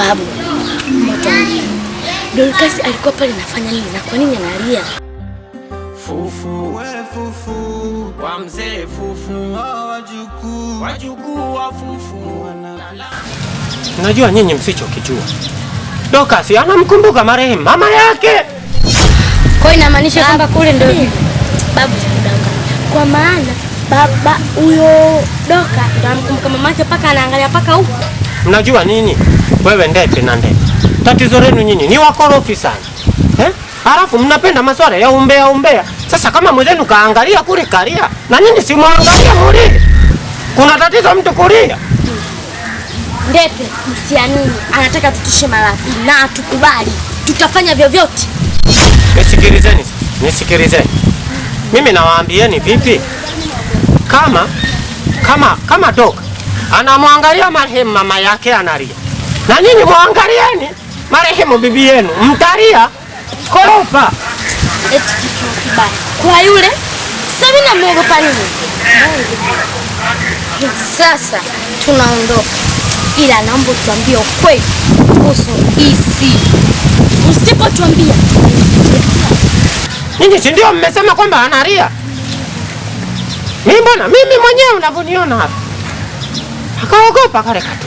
sababu moto Dorcas alikuwa pale anafanya nini na kwa nini analia? Fufu we fufu wa mzee fufu wajukuu wajukuu wa fufu wana. Najua nyinyi msicho kijua. Dorcas anamkumbuka marehemu mama yake. Kwa hiyo inamaanisha kwamba kule ndio babu kudanga. kwa maana baba huyo Doka ndo anamkumbuka mama yake paka anaangalia paka huko. Mnajua nini? wewe ndepe na ndepe. Tatizo lenu nyinyi ni wakorofi sana eh? Halafu mnapenda maswala ya umbea umbea. Sasa kama mwenzenu kaangalia kule kalia na nyinyi simwangalia muli, kuna tatizo mtu kulia ndepe. Msianini, anataka tutishe marafiki na tukubali, tutafanya vyovyote. Nisikilizeni, nisikilizeni mimi nawaambieni vipi, kama kama kama doga anamwangalia marehemu mama yake analia na nyinyi mwangalieni marehemu bibi yenu, mtalia koropa. Eti kichwa kibaya kwa yule Sabina, namuogopa nini? Sasa tunaondoka, ila naomba tuambie ukweli kuhusu isi. Usipotuambia nyinyi, si ndio mmesema kwamba analia? Mimi mbona mimi mwenyewe unavyoniona hapa, akaogopa kale katoto.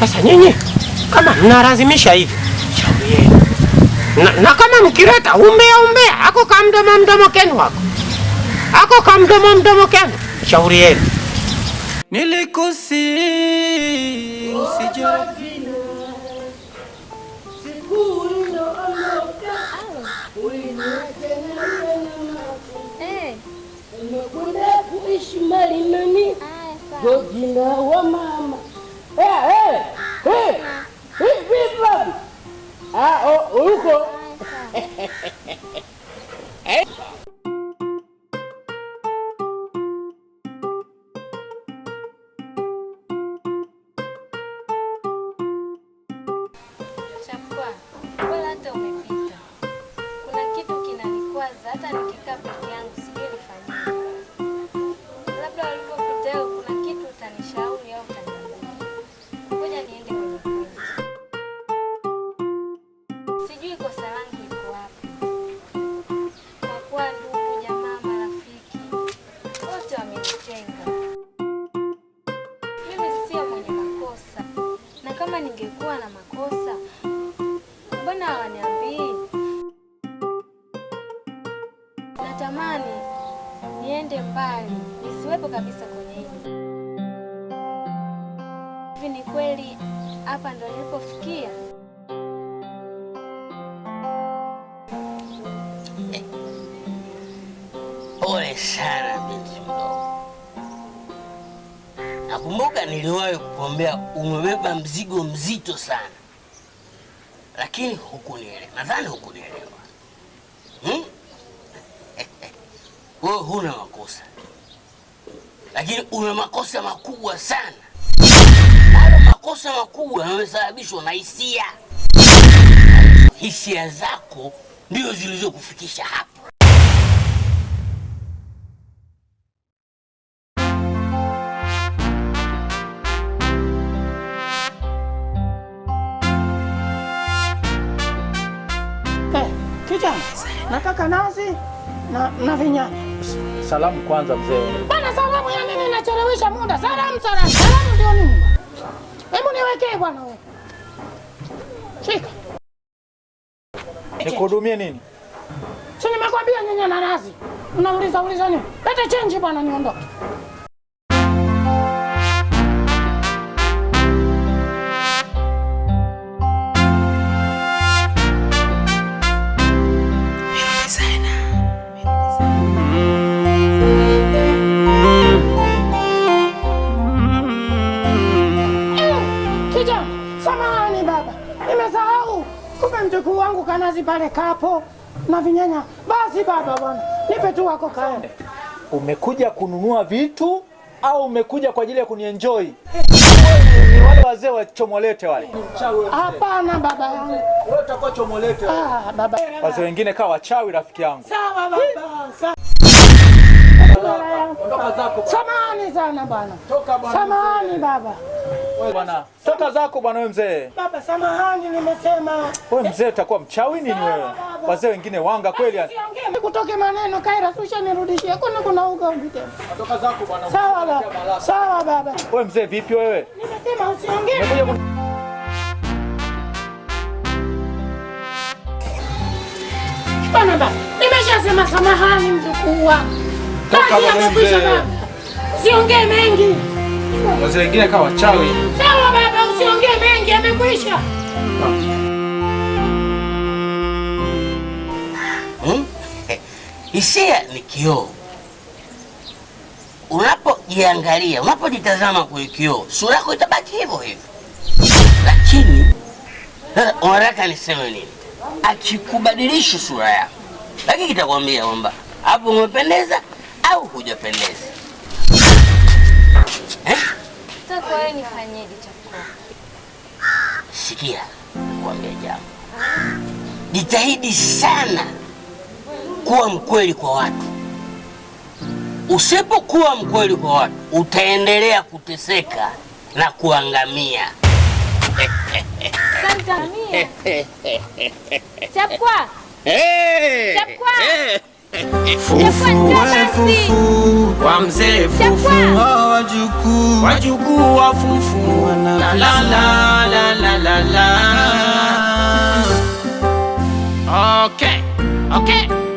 Sasa nyinyi kama mnalazimisha hivi, na, na kama mkileta umbea umbea ako kamdomo mdomo kenu wako ako kamdomo mdomo kenu, shauri yenu. Nilikusi usijali Hey. Kumbuka niliwahi kukuombea, umebeba mzigo mzito sana, lakini hukunielewa. Nadhani hukunielewa hmm? huna makosa, lakini una makosa makubwa sana. Hayo makosa makubwa yamesababishwa na hisia. Hisia zako ndio zilizokufikisha hapa. Kicha, nataka nazi na na vinyanya. Salamu kwanza mzee. Bana salamu ya nini nachelewesha muda? Salamu salamu. Salamu ndio nini? Hebu niwekee bwana wewe. Shika. Nikuhudumie nini? Si nimekwambia nyenye na nazi. Unauliza uliza nini? Leta change bwana niondoke. Wewe mjukuu wangu kanazi pale kapo na vinyanya. Basi baba bwana, nipe tu wako kaende. Umekuja kununua vitu au umekuja kwa ajili ya kunienjoy? Ni wale wazee wa chomolete wale. Hapana baba yangu. Wewe utakuwa chomolete. Ah baba. Wazee wengine kawa wachawi rafiki yangu. Sawa baba. Sawa. Samani sana bwana. Toka bwana. Samani baba. Wewe Bwana, toka zako bwana wewe mzee. Baba samahani nimesema. Wewe mzee utakuwa mchawi nini wewe? Wazee wengine wanga kweli. Siongee Kutoke maneno kaira susha nirudishie. Kuna kuna uga mbite. Toka zako bwana. Sawa. baba. Sawa baba. Wewe mzee vipi wewe? Nimesema usiongee. Bwana baba, nimeshasema samahani mjukuu wangu. Toka Usiongee mengi. Wazee wengine kawa wachawi. Sawa baba, usiongee mengi, amekwisha. Hmm? Hisia ni kioo. Unapojiangalia, unapojitazama kwenye kioo, sura yako itabaki hivyo hivyo. Lakini unataka niseme nini? Akikubadilisha sura yako, lakini kitakwambia kwamba hapo umependeza au hujapendeza eh? Sikia, kuambia jambo, jitahidi sana kuwa mkweli kwa watu. Usipokuwa mkweli kwa watu, utaendelea kuteseka na kuangamia. Chapwa. Chapwa. Hey. Chapwa. Hey. Fufu fufu fufu wa fufu la la la la la la ah. Okay, okay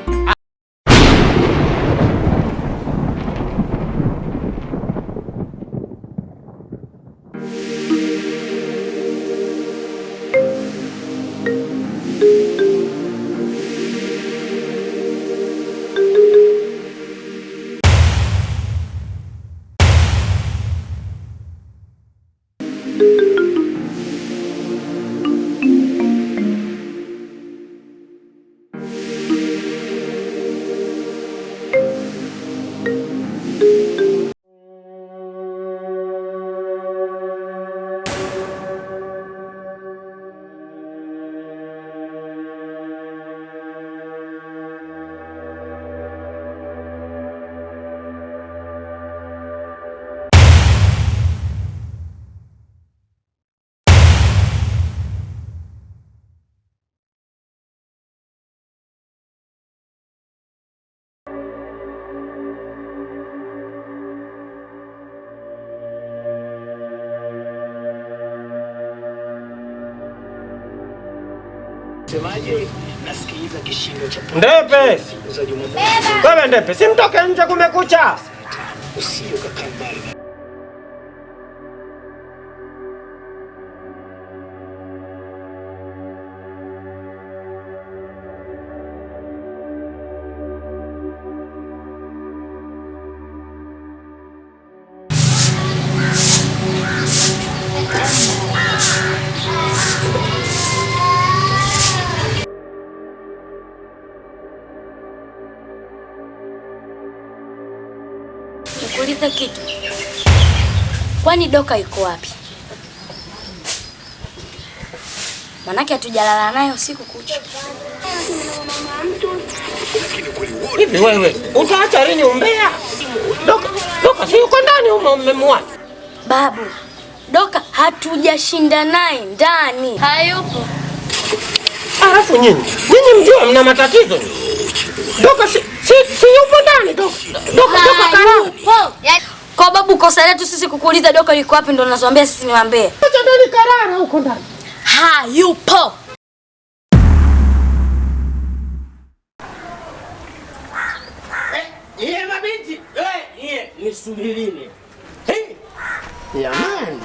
Ndepe, baba Ndepe, simtoke nje, kumekucha. Kwani Doka yuko wapi? Manake hatujalala naye usiku kucha. Hivi wewe utaacha lini umbea? Doka, Doka si yuko ndani umo mmemwacha. Babu, Doka hatujashinda naye ndani. Hayupo. Alafu nyinyi, nyinyi mjua mna matatizo. Doka si si, si yupo ndani Doka. Doka, Doka karao. Yaani kwa babu, kosa letu sisi kukuuliza doka liko wapi, ndo nazoambia sisi niwaambie. Acha ndo nikarara huko ndani. Ha, yupo. Yeye eh, mabinti, eh, yeye nisubirini. Hey, jamani.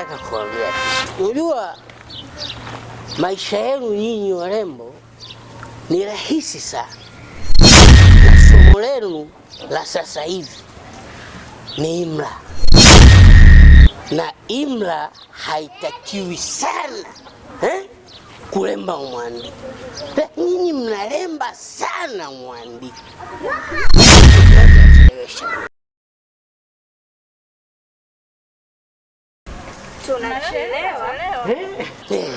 nataka kuambia, unajua maisha yenu nyinyi warembo ni rahisi sana, somo lenu la sasa hivi ni imla, na imla haitakiwi sana eh? kulemba umwandiko. Nyinyi mnalemba sana umwandiko. Eh? Eh,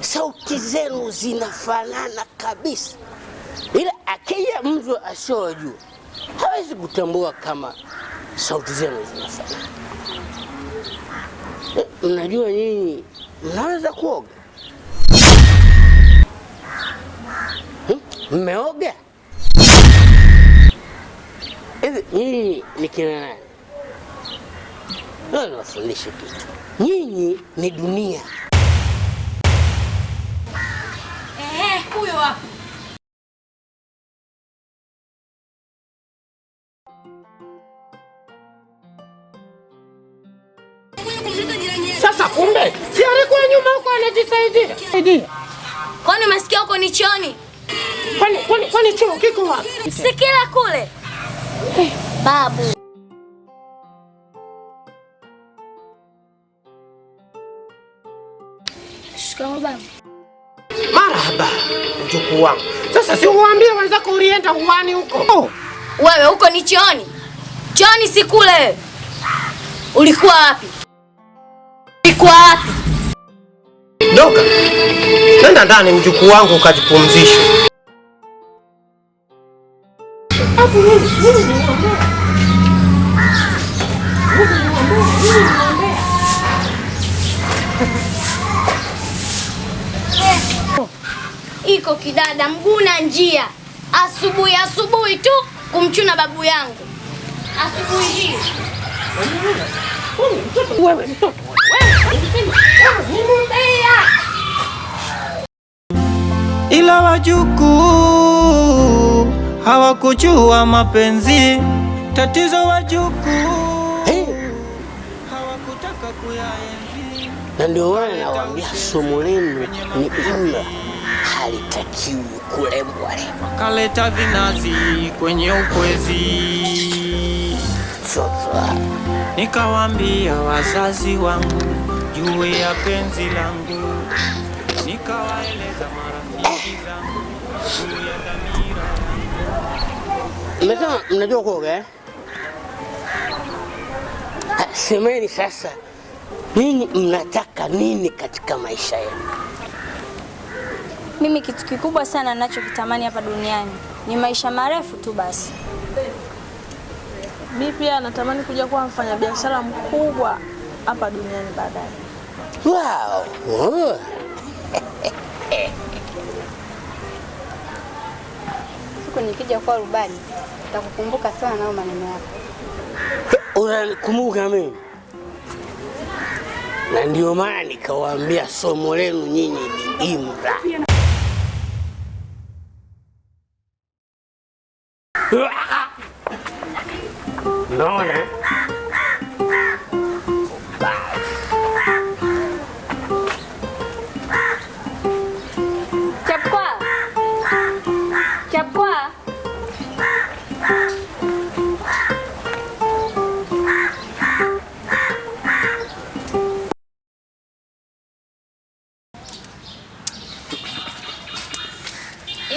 sauti zenu zinafanana kabisa, ila akija mtu asiojua hawezi kutambua kama sauti zenu zinafanana. Eh, mnajua nyinyi mnaweza kuoga? Hmm? Mmeoga hivi? Nyinyi ni kina nani? Niwafundishe kitu, nyinyi ni dunia. Huyo hapo sasa, kumbe si alikuwa nyuma huko anajisaidia. Kwani masikio yako ni choni? Kwani kwani kwani choo kiko wapi? Sikila kule eh. babu mjukuu wangu. Sasa si uwaambie wenzako ulienda uwani huko. wewe huko ni chooni. Chooni si kule. Ulikuwa wapi? Ulikuwa wapi? Doka. Nenda ndani mjukuu wangu ukajipumzishe. iko kidada mguu na njia, asubuhi asubuhi tu kumchuna babu yangu asubuhi hii. ila wajuku hawakujua mapenzi, tatizo wajuku hawakutaka kuyaenzi, na ndio wana nawaambia somo lenu ni umra halitakiwi kulemwa wakaleta vinazi kwenye ukwezi. Nikawambia wazazi wangu juu ya penzi langu, nikawaeleza marafiki zangu juu ya dhamira. Mmesema mnajua kuoga eh? Semeni sasa, nini mnataka nini katika maisha yenu? Mimi kitu kikubwa sana ninachokitamani hapa duniani ni maisha marefu tu basi. Mimi pia natamani kuja kuwa mfanyabiashara mkubwa hapa duniani baadaye. Wow. Oh. Siku nikija kuwa rubani nitakukumbuka sana nao maneno yako. Unanikumbuka mimi? Na ndio maana nikawaambia somo lenu nyinyi ni imra.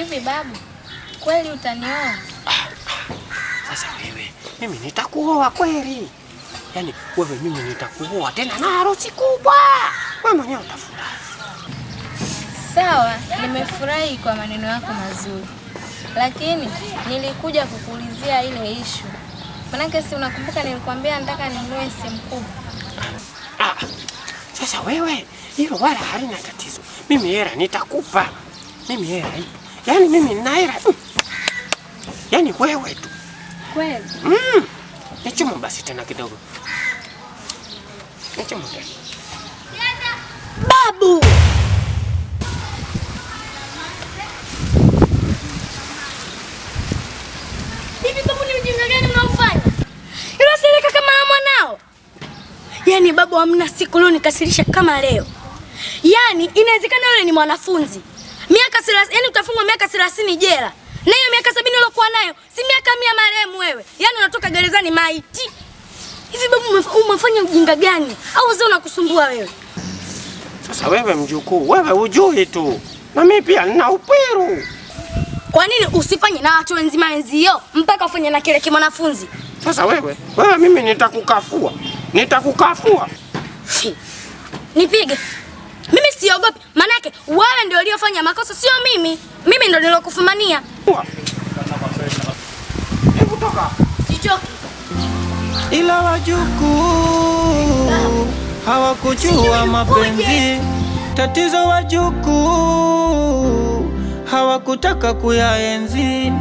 Hivi babu, kweli utanioa? Sasa wewe, mimi nitakuoa kweli. Yaani wewe, mimi nitakuoa tena na harusi kubwa. Wewe mwenyewe utafurahi. Sawa, nimefurahi kwa maneno yako mazuri, lakini nilikuja kukuulizia ile ishu, manake si unakumbuka nilikwambia nataka ninunue simu kubwa. Ah, ah, sasa wewe, hilo wala halina tatizo. Mimi hela nitakupa, mimi hela ipo Yaani mimi ninaela mm. Yaani wewe tu kweli mm. Nichumu basi tena kidogo, nichumu tena babu. Hivi babu, ni ujinga gani mnaofanya? sileka kama mwanao, yaani babu, hamna siku leo nikasirisha kama leo. Yaani inawezekana yule ni mwanafunzi 30, yani utafungwa miaka 30 jela. Na hiyo miaka 70 uliokuwa nayo, si miaka 100 marehemu wewe. Yaani unatoka gerezani maiti. Hivi babu umefanya ujinga gani? Au uzee unakusumbua wewe? Sasa wewe mjukuu, wewe ujui tu. Na mimi pia nina upiru Kwa nini usifanye na watu wenzima wenzio mpaka ufanye na kile kimwanafunzi? Sasa wewe, wewe mimi nitakukafua. Nitakukafua. Nipige siogopi, manake wewe ndio uliofanya makosa, sio mimi. Mimi ndio nilokufumania. Hebu toka. Sichoki. Ila wajuku ah. hawakujua mapenzi, tatizo wajuku hawakutaka kuyaenzi,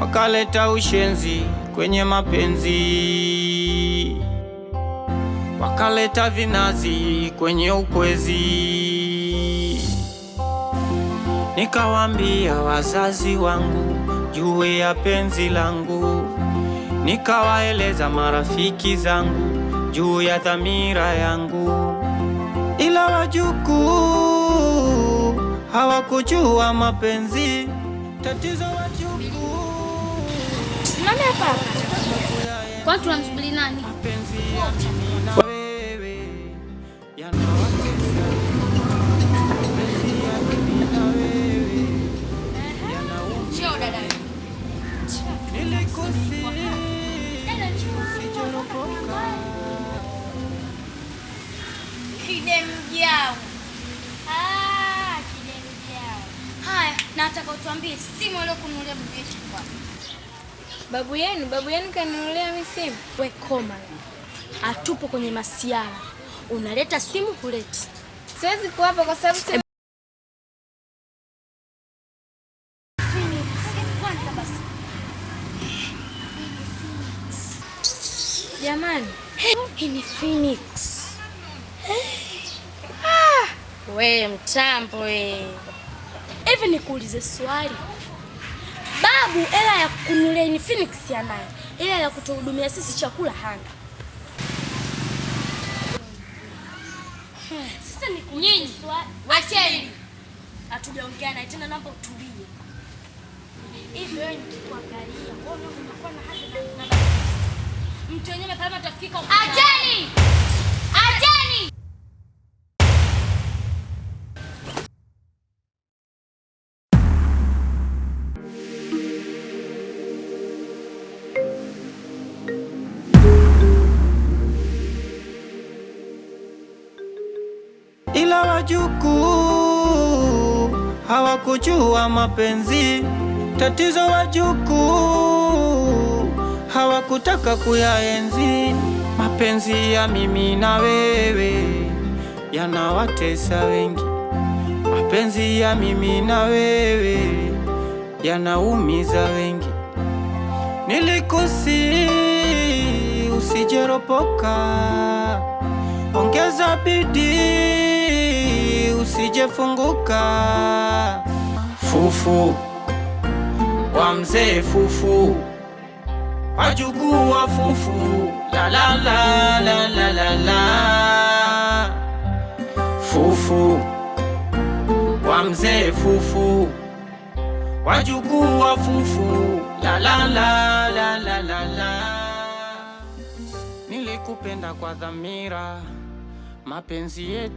wakaleta ushenzi kwenye mapenzi, wakaleta vinazi kwenye ukwezi. Nikawaambia wazazi wangu juu ya penzi langu, nikawaeleza marafiki zangu juu ya dhamira yangu, ila wajukuu hawakujua mapenzi. Tatizo wajukuu Simame hapa. Kwa tunamsubiri nani? Babu yenu babu yenu kanunulia mimi simu. We koma, atupo kwenye masiara. unaleta simu kuleti. Siwezi kuwapa kwa sababu simu... Jamani, hii ni Phoenix. Ah, we mtambo we. Hivi nikuulize swali sababu hela ya kununulia ni Phoenix anayo, hela ya kutuhudumia sisi chakula hana. Hmm, sasa ni kunyinyi, acheni, hatujaongea naye tena, naomba utulie. Hivi wewe nikikuangalia wewe unakuwa na hadi na mtu wenyewe kama tafikika. Acheni! wajukuu hawakujua mapenzi, tatizo wajukuu hawakutaka kuyaenzi. Mapenzi ya mimi na wewe yanawatesa wengi, mapenzi ya mimi na wewe yanaumiza wengi. Nilikusi usijeropoka, ongeza bidii usijefunguka. Fufu wa mzee, fufu wajukuu wa fufu, la la la la la la la, fufu wa mzee, fufu wajukuu wa fufu, la la la la la la la. Nilikupenda kwa dhamira mapenzi yetu